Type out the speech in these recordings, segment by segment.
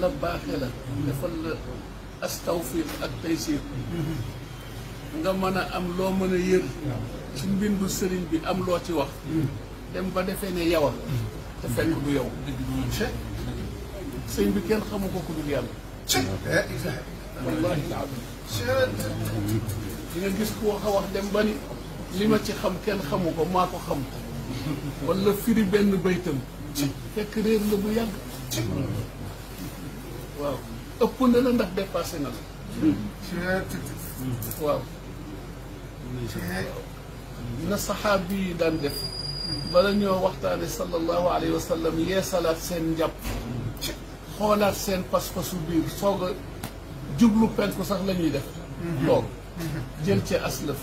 defal la baaxee la defal la astawfiq ak taysir nga mën a am loo mën a yër ci mbindu sëriñ bi am loo ci wax dem ba defee ne yawa te fekk du yow sëñ bi kenn xamu ko ku dul yàlla wallahi alazim di nga gis ku wax a wax dem ba ni li ma ci xam kenn xamu ko maa ko xam wala firi benn baytam fekk réer la bu yàgg waaw ëpp na la ndax dépassé na la. waaw. na saxaabi yi daan def. bala ñoo waxtaane sallallahu alayhi wa yeesalaat seen njàpp. xoolaat seen pas-pasu biir soog a jublu penku sax lañuy def. Mhm. toog mhm. jël ci aslëf.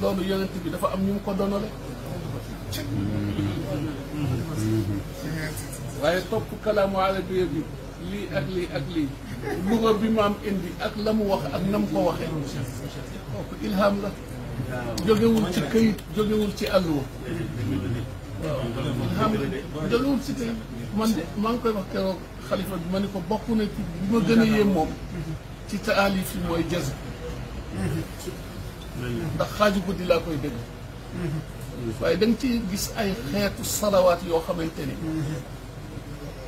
loolu yonent bi dafa am ñu mu ko donale mhm. waaye topp kalaamu arabiya bi lii ak lii ak lii luga bi maam indi ak la mu wax ak na mu ko waxee kooku ilham la jógewul ci kayit jógewul ci àlluwa wa ilham la jógewul ci këyit man de maa ngi koy wax keroog xalifa bi ma ne ko bokk na ci bi ma gën a yéem moom ci taalif yi mooy jaz ndax xaaju di laa koy dégg waaye da ci gis ay xeetu salawaat yoo xamante ni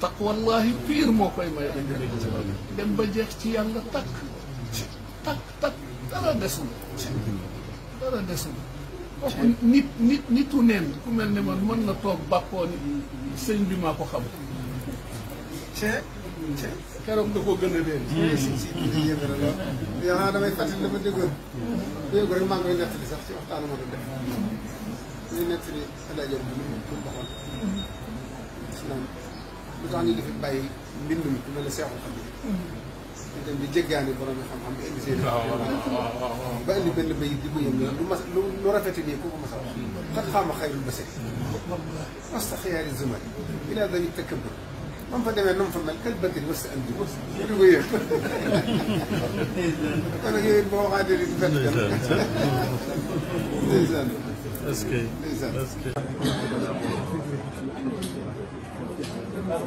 takk wallaahi piir moo koy may ak dem ba jeex ci yàlla takk takk takk dara nit nit nitu neen ku mel ne man mën na toog bàkkoo ni bi maa ko xam keroog da koo gën a réer mm. yow naa damay fàttali dama déggoon sax ci waxtaanu ma doon def ñu nettali alaajam bi ñu waxoon وزاني اللي في الباي منهم كنا لسياح وخمي إذا بيجي يعني برا من خم خم إيه زين بقى اللي بين اللي بيجيبوا يم لو مس لو لو رفت اللي يكون مثلا قد خام خير البسيط مستخيا للزمن إلى ذا يتكبر من فدا من نم فما الكل بدل بس عندي بس اللي ويا أنا جاي بوا قادر يتكلم زين زين زين زين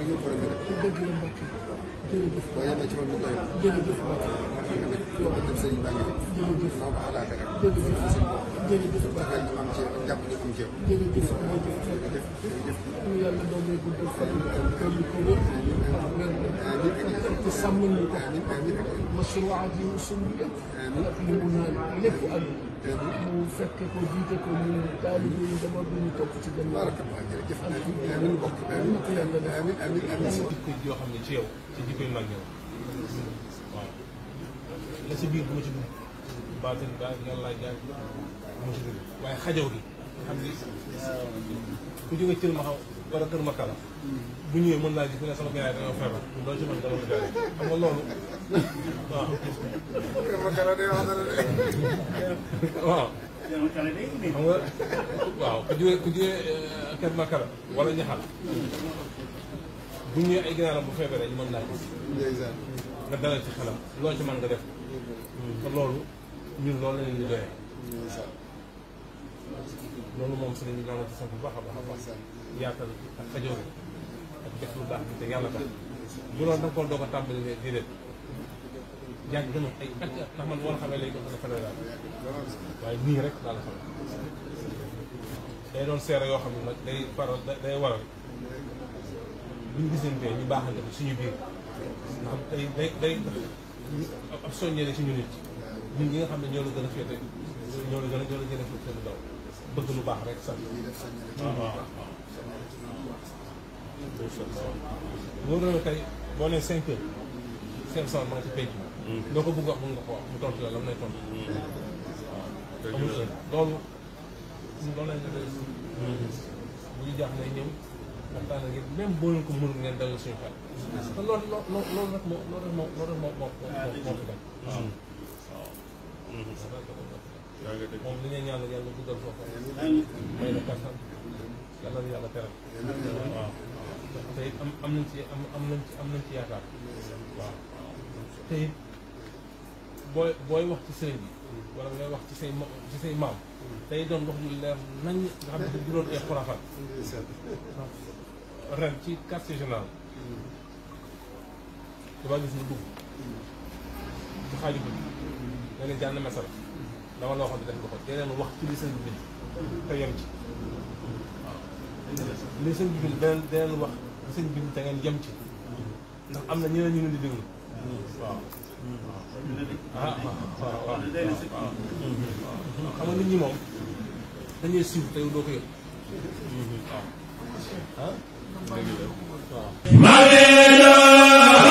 ma ñu ko rek dëgg la mbokk jërëjëf waaye na ci ma ñu doy jërëjëf mbokk ma xam ne ko dem sëñ baa ngi jërëjëf ma ko xalaate rek jërëjëf jërëjëf ba xel ñu am ci ak jàpp ñu am ci yow jërëjëf jërëjëf jërëjëf ñu yàlla doomay gudd fan ko ñu ko wër ci sàmm ñu ko masruwaat yi suñu yëpp lépp am وفكك وديتك ومن الطالب وانت برضه ما توقفش جنبك بارك الله فيك امين بك امين امين امين امين امين jikko joo xam ne ci yow ci jikko yu mag yow waaw la si biir bu ma ci dugg baatin daal yàlla jaay bu ma ci dugg waaye xajaw gi xam ni ku jóge cër ma xaw wala Kër Makala bu ñëwee mën laaj gis ne sama gars yi dañoo feebar bu doon si loolu waaw. waaw. ku jugee ku jugee euh, Kër Makala wala Ñaxal bu ñëwee ay ginaaram bu feebaree ñu mën laa gis. nga dalal ci xelam loo ci mën nga def te loolu ñun loolu la doyee. loolu moom si la ñu daanaka sant bu baax a baax a baax. yaatal ak xajoor ak def lu baax bi te yàlla tax bu loolu da nga koo doog a tàmbali ne déedéet yàgg gën a ay ndax man moo la xamee léegi waaye nii rek daal xam doon seere yoo xam ne nag day faral day waral buñ gisantee ñu baaxante bi suñu biir day day day ab soññee ne suñu nit ñun ñi nga xam ne ñoo la gën a féete ñoo la gën a ñoo a féete lu daw bëgg lu baax rek sax loolu la tey boo nee cinq heures cinq nga ci penc hmm. loo ko bëgg wax mën nga ko wax mu tontu la lam lay tontu waaw hmm. amul loolu loolu hmm. ko mënul ngeen dalal suñu loolu rek moo loolu rek moom li ngay ñaanal yàlla guddal foofu may na kattan yàlla yàlla tere waaw te it am am nañ ci am am nañ ci am nañ ci yaakaar waaw te it booy booy wax ci sëriñ bi wala ngay wax ci say ci say maam day doon wax ñu leer nañ nga xam ne du doon ay xurafat ren ci quartier général dama gis ñu dugg ci xaaju bi da nga jànn mesal dama la waxoon def nga ko dee leen wax ci li sëriñ bi te yem ci li sëñ bi beneen beneen wax li sëñ bi da ngeen yem ci ndax am na ñeneen ñu leen di déglu waaw. ah waaw ah, ah, waaw ah, xam nit ñi moom dañuy suivre tey doo ko yëg waaw. ah.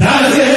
That's